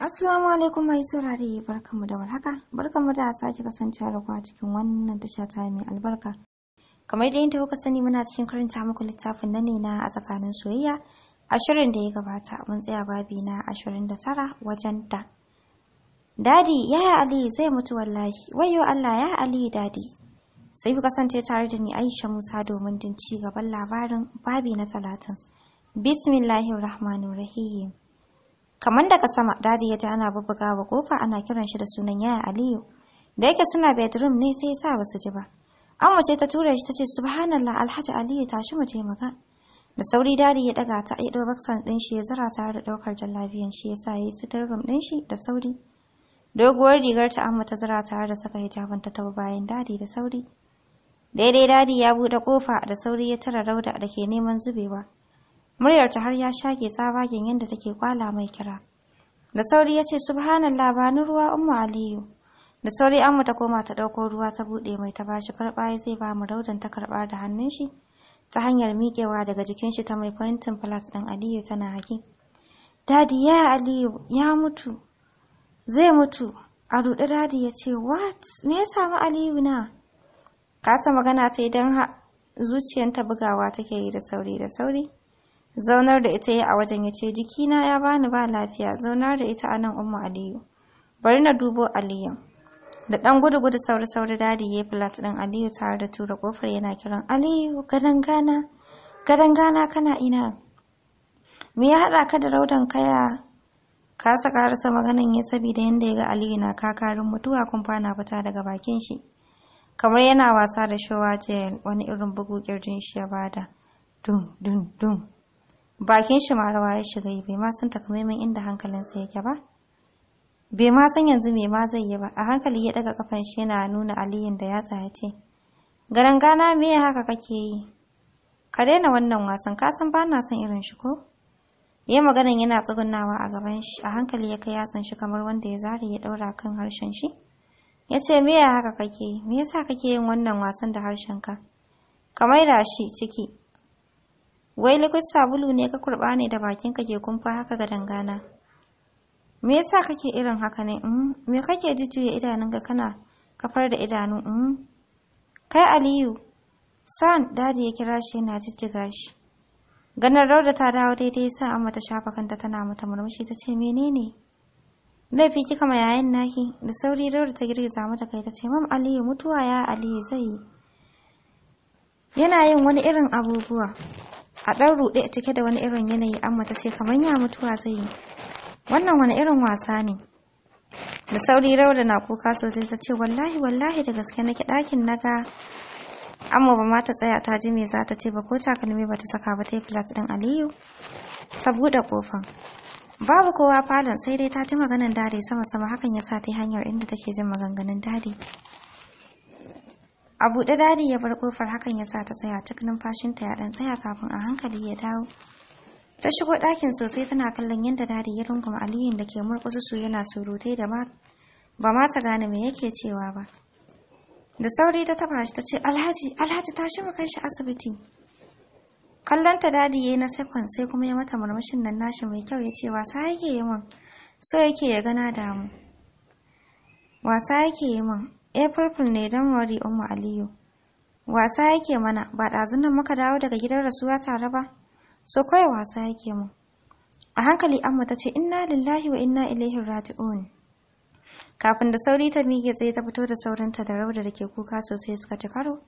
Assalamu alaikum mai saurare barkamu da warhaka barkamu da sake kasancewa da ku a cikin wannan tasha ta mai albarka. Kamar da kuka sani muna cikin karanta muku littafin nan ne na a tsakanin soyayya ashirin da ya gabata mun tsaya babi na ashirin da tara wajen da. Dadi ya Ali zai mutu wallahi wayo Allah ya Ali dadi. Sai ku kasance tare da ni Aisha Musa domin jin ci gaban labarin babi na talatin. Bismillahirrahmanirrahim. kamar daga sama dadi ya ji ana bubbugawa kofa ana kiran shi da sunan yaya aliyu da yake suna bedroom ne sai sa basu ji ba amma ce ta tura shi tace subhanallah alhaji aliyu tashi mu je maka da sauri dadi ya daga ta ya dau baksan din shi ya zara tare da daukar jallabiyan shi yasa yayi sitar room din shi da sauri doguwar rigar ta amma ta zara tare da saka hijabin ta taba bayan dadi da sauri daidai dadi ya bude kofa da sauri ya tara rauda da ke neman zubewa muryar ta har ya shage tsabagen yadda take kwala mai kira da sauri ya ce subhanallah ba ni ruwa ummu aliyu da sauri amma ta koma ta ɗauko ruwa ta buɗe mai ta bashi karba ya zai ba mu raudan ta karba da hannun shi ta hanyar miƙewa daga jikin shi ta mai pointin plus ɗin aliyu tana haki dadi ya aliyu ya mutu zai mutu a rudi dadi ya ce what me ya samu aliyu na kasa magana ta idan zuciyanta bugawa take yi da sauri da sauri zaunar da ita ya a wajen ya ce jikina ya bani ba lafiya zaunar da ita a nan umma aliyu bari na dubo aliyu da dan gudu gudu sauri sauri dadi ya flat din aliyu tare da tura kofar yana kiran aliyu gadan gana kana ina me ya hada ka da raudan kaya ka saka harsa maganan ya saboda yanda ya ga aliyu na kakarin mutuwa kun fana fita daga bakin shi kamar yana wasa da showa jail wani irin bugu kirjin shi ya bada dun dun dun bakin shi marawa ya shiga bai ma san takamaiman inda hankalinsa yake ba bai ma san yanzu me ma zai yi ba a hankali ya daga kafan shi yana nuna aliyin da yatsa ya ce garan gana me haka kake yi ka daina wannan wasan ka san ba na son irin shi ko ya maganan yana tsugunawa a gaban shi a hankali ya kai yatsan shi kamar wanda ya zare ya daura kan harshen shi ya ce me haka kake me yasa kake yin wannan wasan da harshen ka ka maida shi ciki wai liquid sabulu ne ka kurɓa ne da bakinka ke kumfa haka ga dangana me yasa kake irin haka ne mm, me kake jujjuya idanunka kana kafar da idanu mm. kai aliyu san dadi ya kira shi yana jijjiga shi ganin rauda ta dawo daidai sa amma ta shafa kanta tana mata murmushi ta ce menene laifi kika ma yayan naki da sauri rauda ta girgiza mata kai ta ce mam aliyu mutuwa ya aliyu zai yi yana yin wani irin abubuwa a ɗan ruɗe cike da wani irin yanayi amma ta ce kamar ya mutuwa zai yi wannan wani irin wasa ne da sauri rauda na kuka sosai ta ce wallahi wallahi da gaske nake dakin naga amma ba ma ta tsaya ta ji me zata ce ba ko takalmi ba ta saka ba ta yi flat ɗin aliyu Saboda kofan ƙofan babu kowa falon sai dai ta ji maganan dare sama sama hakan ya sa ta hanyar inda take jin maganganun dare A buɗe dadi ya bar kofar hakan ya sa ta tsaya cik numfashinta ya ɗan tsaya kafin a hankali ya dawo. Ta shigo ɗakin sosai tana kallon yadda dadi ya rungume Aliyun da ke su yana surutai da ba ma ta gane me yake cewa ba. Da sauri ta taba shi ta ce Alhaji, Alhaji ta shi kanshi asibiti. Kallon ta dadi yayi na sekon sai kuma ya mata murmushin nan nashi mai kyau ya ce wasa yake yi min. So yake ya gana damu. Wasa yake yi min, eh purple ne don wari Umu aliyu wasa yake mana ba ɗazun nan muka dawo daga gidan rasuwa tare ba so kawai wasa yake mu a hankali amma ta ce inna lillahi wa inna ilaihi raji'un kafin da sauri ta mige tsaye ta fito da saurinta da rauda da ke kuka sosai suka ci karo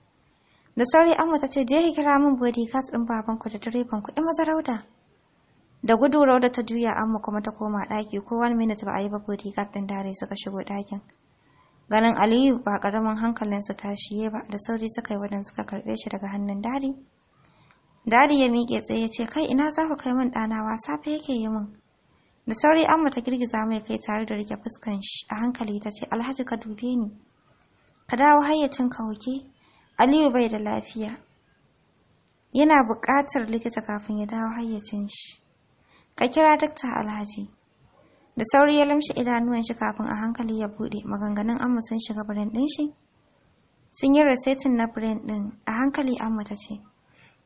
da sauri amma ta ce je ki kira min bodyguards din babanku da direban ku in maza rauda da gudu rauda ta juya amma kuma ta koma ɗaki ko wani minute ba a yi ba bodyguard din dare suka shigo ɗakin ganin aliyu ba karamin hankalinsa ta shiye ba da sauri suka yi wadanda suka karbe shi daga hannun dadi. Dadi ya miƙe tsaye ya ce kai ina za ku kai min ɗana wa safe yake yi min da sauri amma ta girgiza mai kai tare da rike fuskan shi a hankali ta ce alhaji ka dube ni ka dawo hayyacin ka hoke aliyu bai da lafiya yana buƙatar likita kafin ya dawo hayyacin shi ka kira dakta alhaji da sauri ya lamshi idanuwan shi kafin a hankali ya bude maganganun amma sun shiga brain din shi sun yi resetin na brain din a hankali amma ta ce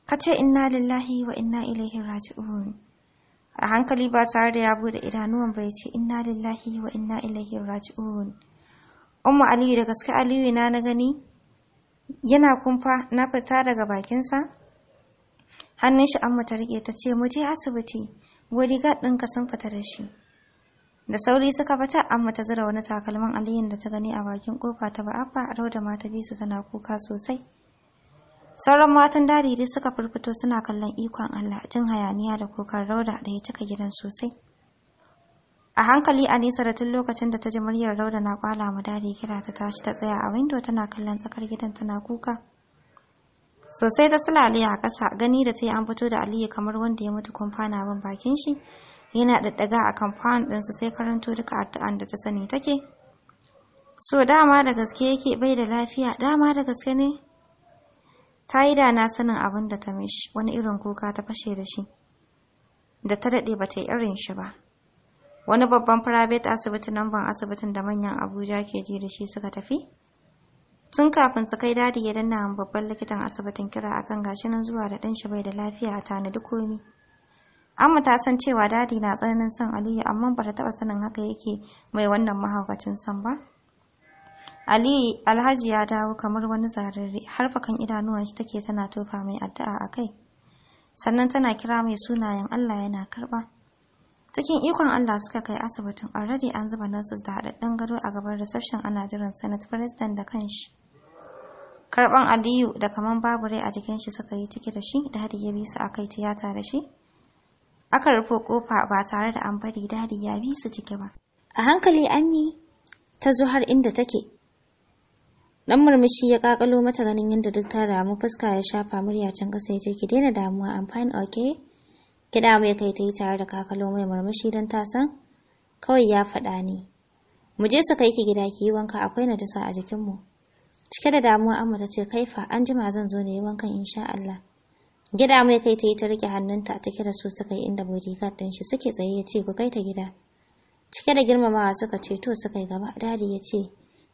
ka ce inna lillahi wa inna ilaihi raji'un a hankali ba tare da ya bude idanuwan ba ya ce inna lillahi wa inna ilaihi raji'un umma aliyu da gaske aliyu na na gani yana kumfa na fita daga bakinsa hannun shi amma ta rike ta ce mu je asibiti ga ɗinka sun fita da shi da sauri suka fita amma ta zira wani takalman aliyun da ta gani a bakin kofa ta ba'abba rauda ma ta tana kuka sosai sauran matan dariri suka firfito suna kallon ikon allah jin hayaniya da kukan rauda da ya cika gidan sosai a hankali a nesa da tun lokacin da ta ji muryar rauda na kwala ma dari kira ta tashi ta tsaya a windo tana kallon tsakar gidan tana kuka sosai ta sulali a ƙasa gani da ta yi an fito da aliyu kamar wanda ya mutu kumfana bin bakin shi yana daga a kamfan ɗinsu sai karanto duka addu'an da ta sani take so dama da gaske yake bai da lafiya dama da gaske ne ta yi da na sanin abin da ta mishi wani irin kuka ta fashe da shi da ta daɗe ba ta yi irin shi ba wani babban private asibiti nan ban asibitin da manyan abuja ke ji da shi suka tafi tun kafin su kai dadi ya danna babban likitan asibitin kira akan gashi nan zuwa da ɗan shi bai da lafiya a tanadi komi Amma ta san cewa dadi na tsananin son Aliyu amma bata taba sanin haka yake mai wannan mahaukacin son ba. Ali Alhaji ya dawo kamar wani zarare har fakan idanuwan shi take tana tofa mai addu'a a kai. Sannan tana kira mai sunayen Allah yana karba. Cikin ikon Allah suka kai asibitin already an zuba nurses da haɗaɗɗen gado a gaban reception ana jiran Senate President da kanshi. Karban Aliyu da kaman babu rai a jikin shi suka yi ciki da shi da hadi bisa bi su akai tiyata da shi. Aka rufe kofa ba tare da an bari dadi ya bi su ciki ba. A hankali Ami ta zo har inda take. Dan murmushi ya kakalo mata ganin yadda duk ta damu fuska ya shafa murya can kasa ya ce ki daina damuwa I'm fine okay. Kiɗa mai kai ta yi tare da kakalo mai murmushi dan ta san kawai ya faɗa ne. Mu je su kai ki gida ki yi wanka akwai na dasa a jikinmu. Cike da damuwa amma ta ce kaifa an jima zan zo ne yi wankan insha Allah. Gida mai kai ta yi ta rike hannunta a cike da su suka yi inda bodyguard ɗin shi suke tsaye ya ce ku kai ta gida. Cike da girmamawa suka ce to suka yi gaba dadi ya ce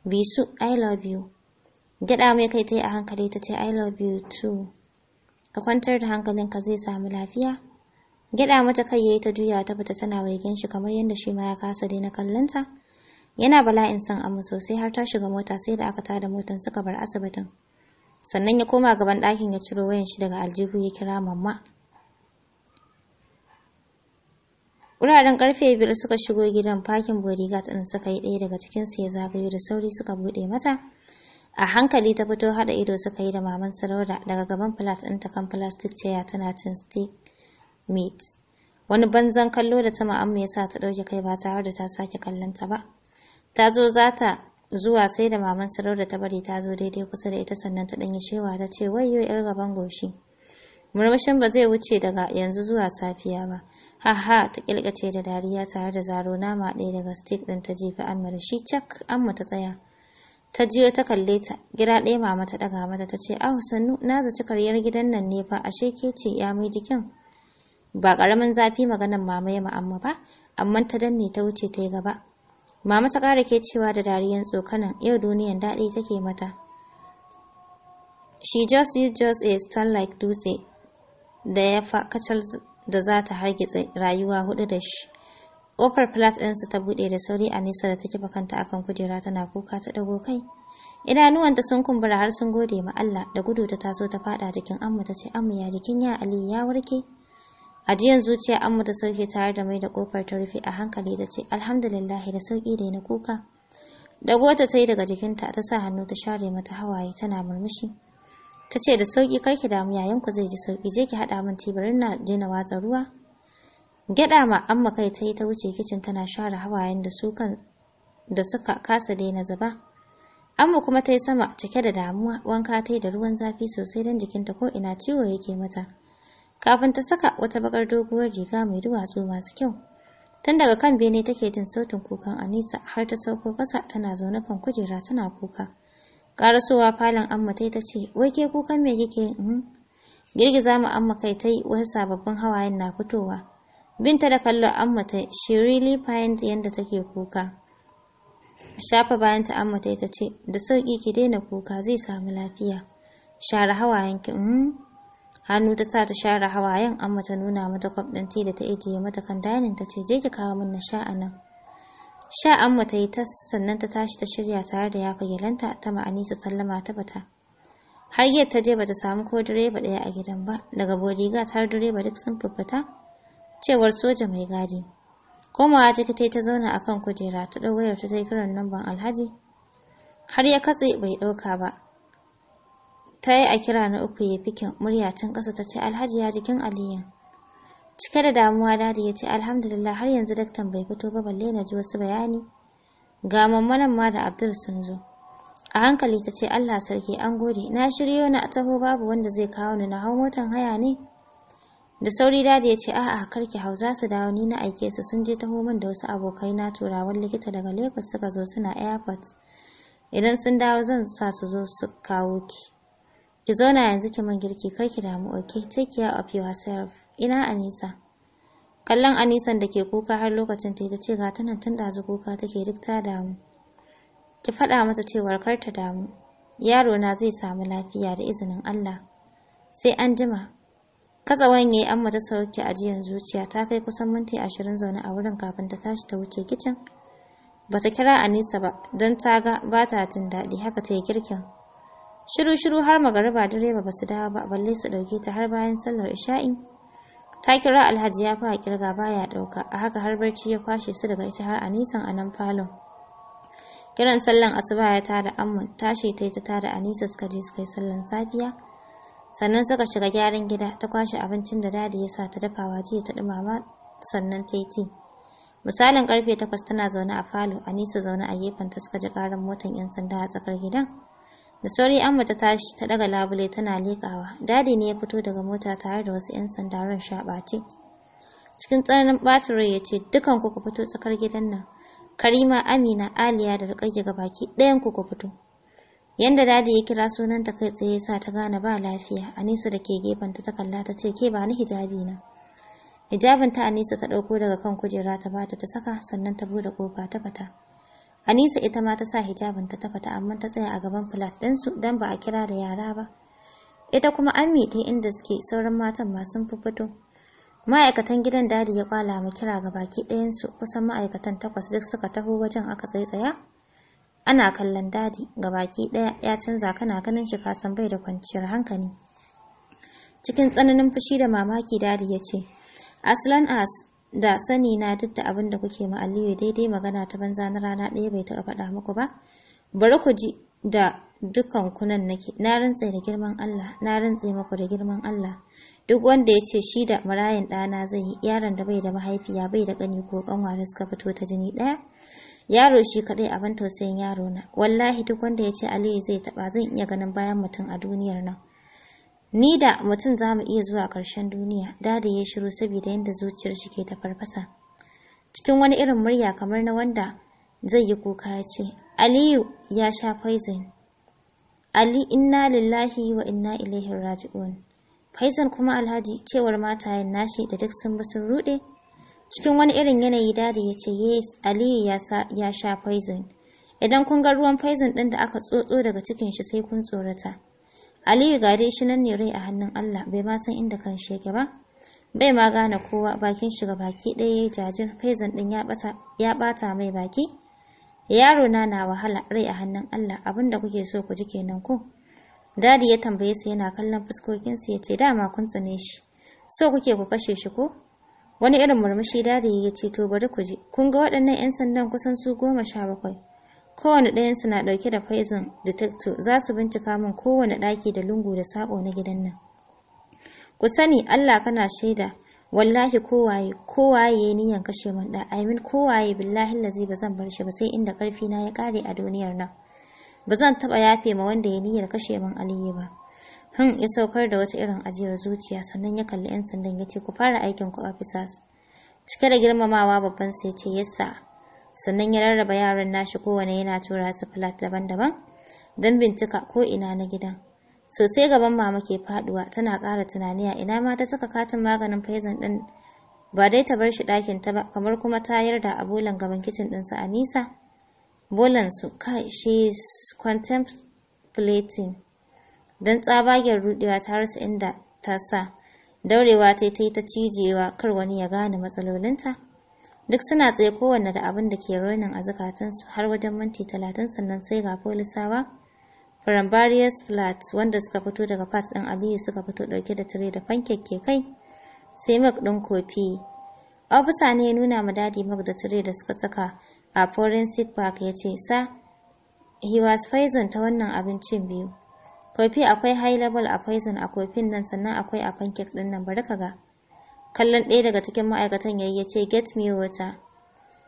bisu I love you. Gida mai kai ta yi a hankali ta ce I love you too. Ka kwantar da hankalinka zai samu lafiya. Gida mata kai yayi ta juya ta fita tana waigen shi kamar yadda shi ma ya kasa daina kallonta. Yana bala'in son amma sosai har ta shiga mota sai da aka tada motan suka bar asibitin. sannan ya koma gaban ɗakin ya ciro wayan shi daga aljihu ya kira mamma wuraren karfe biyar suka shigo gidan fakin bodyguard ɗin suka yi ɗaya daga cikinsu ya zagayo da sauri suka buɗe mata a hankali ta fito haɗa ido suka yi da maman sarauda daga gaban flat ɗin ta kan plastic chair tana cin steak meat wani banzan kallo da ta ma'amma ya sa ta ɗauke kai ba tare da ta sake kallon ta ba ta zo za ta zuwa sai da maman da ta bari ta zo daidai kusa da ita sannan ta ɗanyi shewa ta ce 'Wai, yau, yar gaban goshi murmushin ba zai wuce daga yanzu zuwa safiya ba Ha ha, ta kilkace da dariya tare da zaro nama ɗaya daga steak ɗin ta jefa amma da shi cak amma ta tsaya ta jiyo ta kalle ta gira ɗaya mama ta ɗaga mata ta ce ahu sannu na zaci karyar gidan nan ne fa ashe ke ce ya mai jikin ba ƙaramin zafi maganan mama ya ma'amma ba amma ta danne ta wuce ta yi gaba Mama ta ƙara ke cewa da dariyan tsokanan yau duniyan daɗi take mata. She just is just a stun like dutse da ya fa kacal da za ta hargitse rayuwa hudu da shi. Ƙofar flat ɗinsu ta buɗe da sauri a nesa da ta kifa kanta akan kujera tana kuka ta ɗago kai. Idanuwanta sun kumbura har sun gode ma Allah da gudu ta taso ta faɗa jikin Amma ta ce Amma ya jikin ya Aliyu, ya warke. ajiyan zuciya amma ta sauke tare da mai da kofar ta rufe a hankali da ce alhamdulillahi da sauki da na kuka Da gota ta yi daga jikinta ta sa hannu ta share mata hawaye tana murmushi ta ce da sauki karki damu yayin ku zai ji sauki je ki haɗa min tibirin na je na watsa ruwa Gyaɗa ma amma kai ta yi ta wuce kicin tana share hawayen da su kan da suka kasa daina zuba amma kuma ta yi sama cike da damuwa wanka ta yi da ruwan zafi sosai don jikinta ko ina ciwo yake mata kafin ta saka wata bakar doguwar riga mai duwatsu masu kyau. Tun daga kan bene take jin sautin kukan Anisa har ta sauko kasa tana zaune kan kujera tana kuka. Karasowa falon amma yi ta ce, "Wai ke kukan me kike?" Hmm? Girgiza mu amma kai ta yi wai sababbin hawayen na fitowa. Binta da kallo amma ta "She really find yanda take kuka." Shafa bayan ta amma ta ce, "Da sauki ki daina kuka zai samu lafiya." Share hawayen ki, hmm? hannu ta sa ta share hawayen amma ta nuna mata kwaf ɗin ti da ta ajiye mata kan dainin ta ce je ki kawo min na sha a nan sha amma ta yi ta sannan ta tashi ta shirya tare da yafa gelanta, ta ma'anisa sallama ta bata har yadda ta je bata samu ko direba ɗaya a gidan ba daga bodiga har direba duk sun fuffata cewar soja mai gadi komawa ciki ta yi ta zauna a kan kujera ta ɗau wayar ta yi kiran namban alhaji har ya katse bai ɗauka ba ta yi a kira na uku ya fikin murya can ƙasa ta ce alhaji ya jikin aliyu cike da damuwa dadi ya ce alhamdulillah har yanzu daktan bai fito ba balle na ji wasu bayani ga mammanan ma da abdul sun zo a hankali ta ce allah sarki an gode na shiryo na taho babu wanda zai kawo ni na hau motan haya ne da sauri dadi ya ce a'a karki hau za su dawo ni na aike su sun je taho min da wasu abokai na turawan likita daga lagos suka zo suna airport idan sun dawo zan sa su zo su kawo ki Ki zauna yanzu ki man girki kar ki damu oke take care of yourself. Ina Anisa? Kallon Anisan da ke kuka har lokacin ta ce ga tana nan tun ɗazu kuka take duk ta damu. Ki faɗa mata cewar kar ta damu. Yaro na zai samu lafiya da izinin Allah. Sai an jima. Katsawan yayi amma ta sauke ajiyan zuciya ta kai kusan minti ashirin zaune a wurin kafin ta tashi ta wuce kicin. Bata kira Anisa ba don ta ga ba ta jin daɗi haka ta yi girkin. shiru-shiru har magariba direba ba su dawo ba balle su ɗauke ta har bayan sallar isha'i ta kira alhaji ya fa kirga baya ɗauka a haka har barci ya kwashe su daga ita har a nisan anan falon kiran sallan asuba ya tada amman tashi ta ta tada anisa suka je suka yi sallan safiya sannan suka shiga gyaran gida ta kwashe abincin da dadi ya sa ta dafawa jiya ta dumama sannan ta yi ti misalin karfe takwas tana zaune a falo anisa zaune a gefen ta suka ji karan motan yan sanda a tsakar gidan Da sauri Amma ta tashi ta daga labule tana leƙawa. Dadi ne ya fito daga mota tare da wasu 'yan sanda ran shabace. Cikin tsananin ɓacin rai ya ce, Dukan ku fito tsakar gidan nan. Karima, Amina, Aliya da Rukayya ga baki ɗayan ku ku fito. Yanda dadi ya kira sunanta kai tsaye sa ta gane ba lafiya, Anisa da ke gefen ta kalla ta ce, Ke ba ni hijabi na. Hijabin ta Anisa ta ɗauko daga kan kujera ta bata ta saka sannan ta bude kofa ta fata. Anisa ita ma ta sa hijabin ta tafata amma ta tsaya a gaban flat ɗinsu dan ba a kira da yara ba. Ita kuma Ami ta inda suke sauran matan ma sun fi fito. Ma'aikatan gidan dadi ya kwala mu kira ga baki ɗayansu kusan ma'aikatan takwas duk suka taho wajen aka tsaya Ana kallon dadi ga baki ɗaya ya canza kana ganin shi kasan bai da kwanciyar hankali. Cikin tsananin fushi da mamaki dadi ya ce, Aslan as, da sani na duk da abin da kuke ma Aliyu daidai magana ta banza na rana ɗaya bai taɓa faɗa muku ba bari ku ji da dukan kunan nake na rantse da girman Allah na rantse muku da girman Allah duk wanda ya ce shi da marayin ɗana zai yi yaron da bai da mahaifiya bai da ƙani ko ƙanwa da suka fito ta jini ɗaya yaro shi kaɗai abin tausayin yaro na wallahi duk wanda ya ce Aliyu zai taɓa zan iya ganin bayan mutum a duniyar nan Ni da mutum za mu iya zuwa ƙarshen duniya, dadi ya shiru saboda yadda zuciyar shi ke ta farfasa. Cikin wani irin murya kamar na wanda zai yi kuka ya ce, Aliyu ya sha faizan. Ali inna lillahi wa inna ilaihi raji'un. Faizan kuma Alhaji cewar matayen nashi da duk sun bi sun rude. Cikin wani irin yanayi dadi ya ce, Yes, Aliyu ya sha faizan. Idan kun ga ruwan faizin ɗin da aka tsotso daga cikin shi sai kun tsorata. Aliyu gade shi nan ne rai a hannun Allah bai ma san inda kan shege ba. Bai ma gane kowa bakin shiga baki ɗaya ya jajin faizan ɗin ya ɓata mai baki. Yaro na na wahala rai a hannun Allah da kuke so ku ji kenan ku? Dadi ya tambaye su yana kallon fuskokinsu ya ce dama kun tsine shi. So kuke ku kashe shi ko? Wani irin murmushi dadi ya ce to bari ku je. Kun ga waɗannan 'yan sandan kusan su goma sha bakwai. kowane ɗayan su na ɗauke da poison detector za su bincika min kowane ɗaki da lungu da saƙo na gidan nan ku sani allah kana shaida wallahi kowaye kowaye ya niyan kashe min da i mean kowaye billahi lazi ba zan bar shi ba sai inda karfi na ya kare a duniyar nan ba zan taba yafe ma wanda ya niyyar kashe min aliyu ba hin ya saukar da wata irin ajiyar zuciya sannan ya kalli yan sandan ya ce ku fara aikin ku officers cike da girmamawa babban sai ce yassa sannan ya rarraba yaran nashi kowane yana tura su flat daban-daban don bincika ko ina na gidan sosai gaban mama ke faduwa tana ƙara tunani a ina ma ta saka katin maganin poison din ba dai ta bar shi ɗakin ta ba kamar kuma ta yarda a bolan gaban kicin ɗinsu a nisa bolan su kai she is contemplating don tsabagen rudewa ta rasa inda ta sa daurewa ta yi ta cijewa kar wani ya gane matsalolinta duk suna tsaye kowanne da abin da ke raunin a zukatansu har wajen minti talatin sannan sai ga polisawa from various flats wanda suka fito daga pass ɗin aliyu suka fito ɗauke da tire da fankek ke kai sai mak ɗin kofi ofisa ne ya nuna ma dadi milk da tire da suka saka a forensic park ya ce sa he was poison ta wannan abincin biyu kofi akwai high level a poison a kofin nan sannan akwai a pancake ɗin nan bari ka ga kallon ɗaya daga cikin ma'aikatan yayi ya ce get me water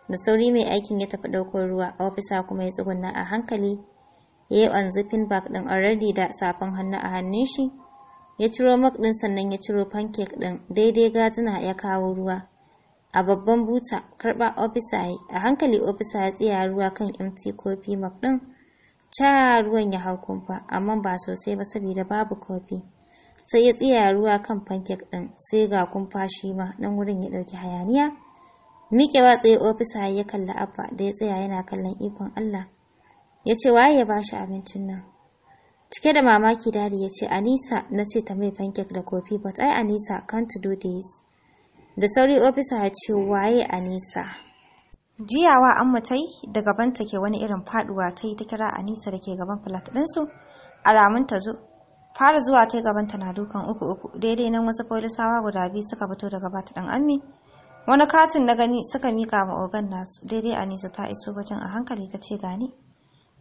da sauri mai aikin ya tafi ɗaukar ruwa ofisa kuma ya tsugunna a hankali ya yi unzipping bag ɗin already da safan hannu a hannun shi ya ciro mug ɗin sannan ya ciro pancake ɗin daidai gazina ya kawo ruwa a babban buta karɓa ofisa a hankali ofisa ya tsaya ruwa kan empty kofi mug ɗin ca ruwan ya hau kumfa amma ba sosai ba saboda babu kofi sai ya tsaya ruwa kan fankek ɗin sai ga kumfashi ma nan wurin ya ɗauki hayaniya miƙewa tsaye ofisa ya kalli abba da ya tsaya yana kallon ikon allah ya ce waye ya ba shi abincin nan cike da mamaki dadi ya ce anisa na ce ta mai fankek da kofi but ai anisa can't do this da sauri ofisa ya ce waye anisa jiyawa an mutai da gaban ta ke wani irin faduwa ta yi ta kira anisa da ke gaban flat ɗinsu alamun ta zo fara zuwa ta gabanta na dukan uku uku daidai nan wasu folisawa guda biyu suka fito daga bata dan ammi wani katin na gani suka mika ma ogan nasu daidai anisa ta iso wajen a hankali ta ce gani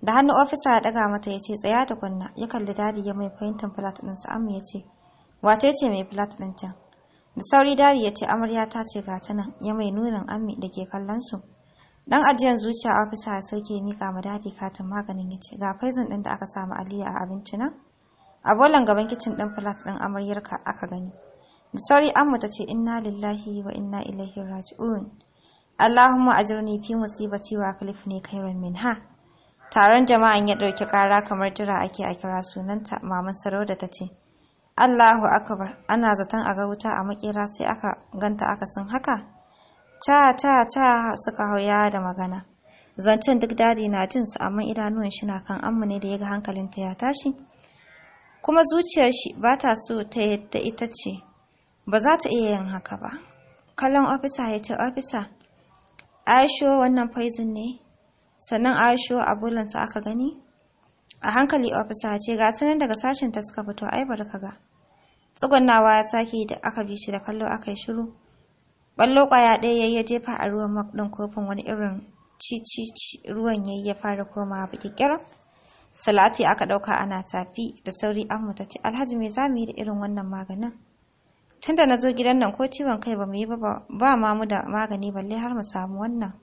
da hannu ofisa ya daga mata ya ce tsaya da kunna ya kalli dadi ya mai fahimtar flat din sa amma ya ce wace ce mai flat din can da sauri dadi ya ce amarya ta ce ga ta nan ya mai nunin ammi da ke kallon su dan ajiyan zuciya ofisa ya sauke mika ma dadi katin maganin ya ce ga faizan din da aka samu aliya a abinci nan a bolan gaban kicin ɗin flat ɗin amaryarka aka gani da sauri amma ta ce inna lillahi wa inna ilaihi raji'un Allahumma ajirni fi musibati wa ne khairan minha taron jama'an ya ɗauki ƙara kamar jira ake a kira sunanta maman sarauda ta ce Allahu akbar ana zaton a ga wuta a makera sai aka ganta aka akasin haka ta ta ta suka hauya da magana zancen duk dadi na jin su amma idanuwan shi na kan amma ne da ya ga hankalinta ya tashi kuma zuciyar shi ba ta so ta yadda ita ce ba za ta iya yin haka ba kallon ofisa ya ce ofisa aisho wannan poison ne sannan aisho abulansa aka gani a hankali ofisa ce ga sanin daga sashen ta suka fito ai barka ga tsugunawa ya sake da aka bi shi da kallo aka yi shiru ballo kwaya ɗaya ya jefa a ruwan mak kofin wani irin ci-ci-ci, ruwan yayi ya fara komawa bikikirar Salati aka ɗauka ana tafi da sauri Ahmad ta ce Alhaji me za mu yi da irin wannan maganin? Tunda na zo gidan nan ko ciwon kai ba mu yi ba ba ma mu da magani balle har mu samu wannan.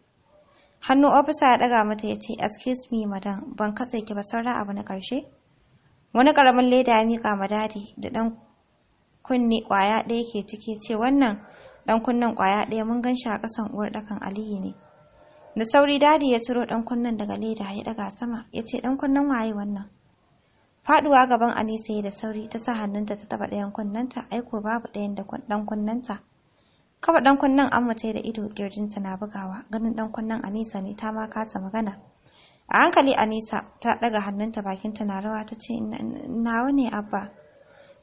Hannu ofisa ya ɗaga mata ya ce excuse me madam ban katse ki ba sauran abu na ƙarshe. Wani ƙaramin leda ya miƙa ma dadi da ɗan kunne ƙwaya ɗaya ke ciki ce wannan ɗan kunnen ƙwaya ɗaya mun gan shi a ƙasan uwar ɗakan Aliyu ne. da sauri dadi ya ciro dan kunnen daga leda ya daga sama ya ce dan kunnen waye wannan faduwa gaban Anisa ya da sauri ta sa hannunta ta taba ɗayan kunnenta aiko babu ɗayan da dan kunnenta kaba dan kunnen amma ta da ido girjinta na bugawa ganin dan kunnen Anisa ne ta ma kasa magana a hankali Anisa ta daga hannunta bakinta na rawa ta ce nawa abba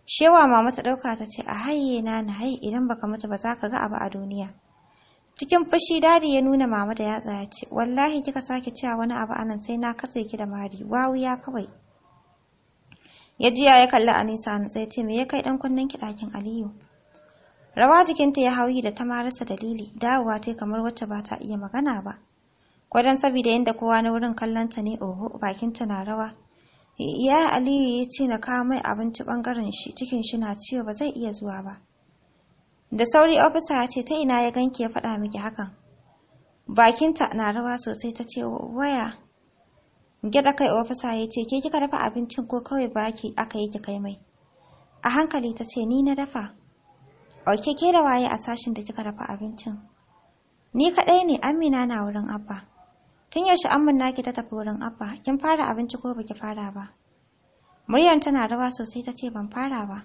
shewa mama ta dauka ta ce a haye na na idan baka mutu ba za ka ga abu a duniya Cikin fushi dadi ya nuna mama da yatsa ya ce, Wallahi kika sake cewa wani abu anan sai na katse ki da mari, wawuya kawai. Ya jiya ya kalli Anisa a nutsa ya ce, Me ya kai dan kunnen ki ɗakin Aliyu? Rawa jikinta ya hauyi da ta marasa dalili, dawowa ta kamar wacce ba ta iya magana ba. Kwadan saboda yanda kowa na wurin kallonta ne, oho, bakinta na rawa. Ya Aliyu ya ce na kawo mai abinci bangaren shi, cikin shi na ciwo ba zai iya zuwa ba. da sauri ofisa ya ce ta ina ya ganki ya faɗa miki hakan bakinta na rawa sosai ta ce waya gyaɗa kai ofisa ya ce ke kika dafa abincin ko kawai baki aka yi ki kai mai a hankali ta ce ni na dafa auke ke da waye a sashin da kika dafa abincin ni kaɗai ne amina na wurin abba tun yaushe Amina ki ta tafi wurin abba kin fara abinci ko baki fara ba muryar tana rawa sosai ta ce ban fara ba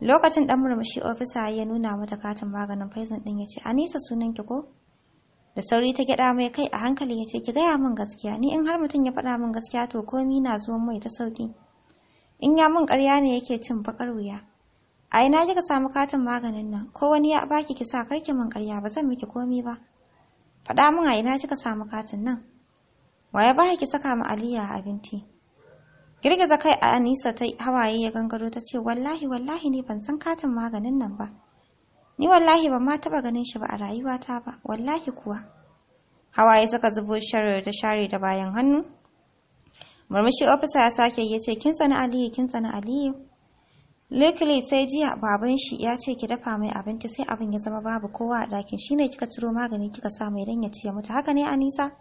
lokacin dan murmushi ofisa ya nuna mata katin maganin faizan ɗin ya ce anisa sunan ki ko da sauri ta gyada mai kai a hankali ya ce ki gaya min gaskiya ni in har mutum ya faɗa min gaskiya to komi na zuwan mai ta sauki in ya min ƙarya ne yake cin bakar wuya a ina kika samu katin maganin nan ko wani ya baki ki sa karki min ƙarya ba zan miki komi ba faɗa min a ina kika samu katin nan waye baki ki saka ma aliya abinci girgiza kai a anisa ta hawaye ya gangaro ta ce wallahi wallahi ne ban san katin maganin nan ba ni wallahi ban ma taba ganin shi ba a rayuwata ba wallahi kuwa hawaye suka zubo sharar ta share da bayan hannu murmushi ofisa ya sake ya ce kin tsani aliyu kin tsani aliyu Luckily sai jiya baban shi ya ce ki dafa mai abinci sai abin ya zama babu kowa a ɗakin shine kika ciro magani kika sa mai dan ya ci ya mutu haka ne Anisa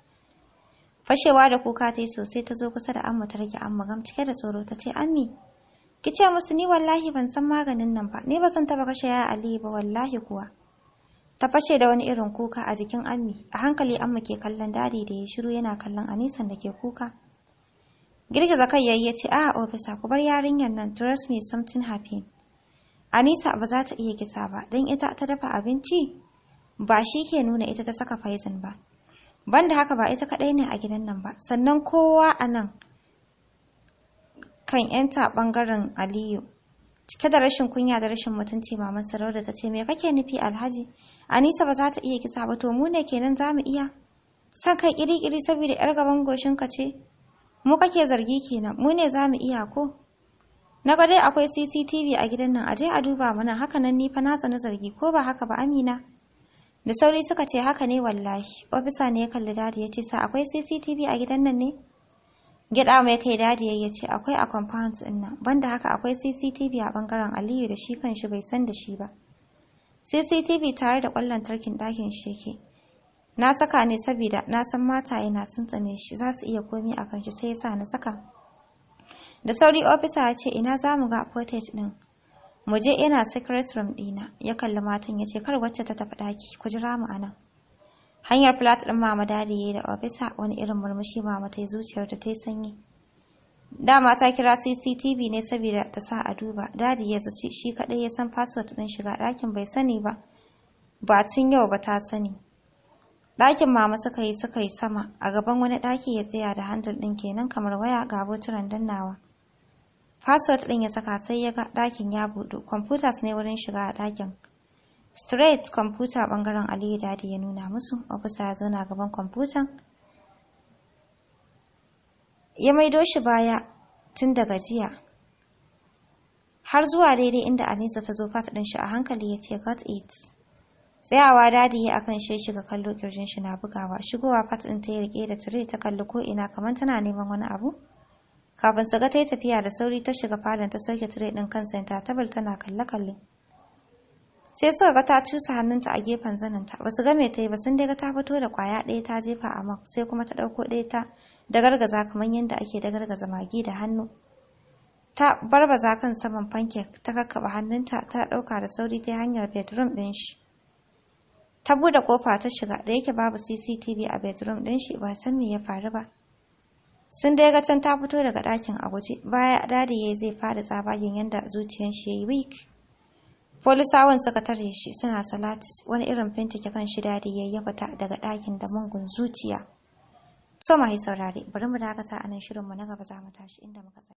fashewa da kuka ta yi sosai ta zo kusa da amma ta rage amma gam cike da tsoro ta ce ammi ki ce musu ni wallahi ban san maganin nan ba ni ba zan taba kashe yaya aliyu ba wallahi kuwa ta fashe da wani irin kuka a jikin ammi a hankali amma ke kallon dadi da ya shiru yana kallon anisan da ke kuka girgiza kai yayi ya ce a ofisa ku bar yarinyar nan trust me something happen anisa ba za ta iya kisa ba don ita ta dafa abinci ba shi ke nuna ita ta saka faizin ba banda haka ba ita kadai ne a gidan nan ba sannan kowa a nan kan yanta ɓangaren aliyu cike da rashin kunya da rashin mutunci maman da ta ce me kake nufi alhaji anisa ba za ta iya kisa ba to mu ne kenan za mu iya san kai kiri-kiri saboda yar gaban goshin ka ce mu kake zargi kenan mu ne za mu iya ko na ga dai akwai cctv a gidan nan a je a duba mana haka nan ni fa na zargi ko ba haka ba amina da sauri suka ce haka ne wallahi ofisa ne ya kalli dadi ya ce sa akwai cctv a gidan nan ne gida mai kai dadi ya ce akwai a compound din nan banda haka akwai cctv a bangaren aliyu da shi kan shi bai san da shi ba cctv tare da kwallon tarkin dakin shi yake na saka ne saboda na san mataye na sun tsane shi za su iya komi a kan shi sai yasa na saka da sauri ofisa ya ce ina za mu ga footage din muje je ina secret room dina ya kalli matan ya ce kar wacce ta tafi daki ku jira mu anan hanyar flat din mama dadi yayi da ofisa wani irin murmushi mama ta zuciyar ta ta sanyi dama ta kira CCTV ne saboda ta sa a duba dadi ya zaci shi kadai ya san password din shiga dakin bai sani ba ba tun yau ba ta sani ɗakin mama suka yi suka yi sama a gaban wani ɗaki ya tsaya da handle ɗin kenan kamar waya ga boturan dannawa Password ɗin ya saka sai ya ga ɗakin ya buɗu. Computers ne wurin shiga a ɗakin. Straight computer ɓangaren Aliyu Dadi ya nuna musu. Ofisa ya zauna gaban kwamfutan. Ya maido shi baya tun daga jiya. Har zuwa daidai inda Anisa ta zo fat ɗin shi a hankali ya ce got it. Tsayawa dadi ya akan shi shiga kallo kirjin shi na bugawa. Shigowa fat ɗin ta yi rike da tire ta kalli ko ina kamar tana neman wani abu. kafin ga ta yi tafiya da sauri ta shiga falon ta sauke tire ɗin kan ta tabar tana kalle-kalle sai suka ga ta cusa hannunta a gefen zaninta ba su ga me ta yi ba sun dai ga ta fito da kwaya ɗaya ta jefa a sai kuma ta ɗauko ɗaya ta da gargaza kamar yadda ake da gargaza magi da hannu ta barbaza kan saman fanke ta kakkaba hannunta ta ɗauka da sauri ta hanyar bedroom ɗin shi ta buɗe kofa ta shiga da yake babu cctv a bedroom ɗin shi ba san me ya faru ba sun dai ga can ta fito daga ɗakin a guje baya dadi yayi zai fara tsabagen yadda zuciyar shi yayi weak polisawan suka tare shi suna salati wani irin fintike kan shi dadi yayi ya fita daga ɗakin da mungun zuciya so mai saurare bari mu dakata a nan shirinmu na gaba za mu tashi inda muka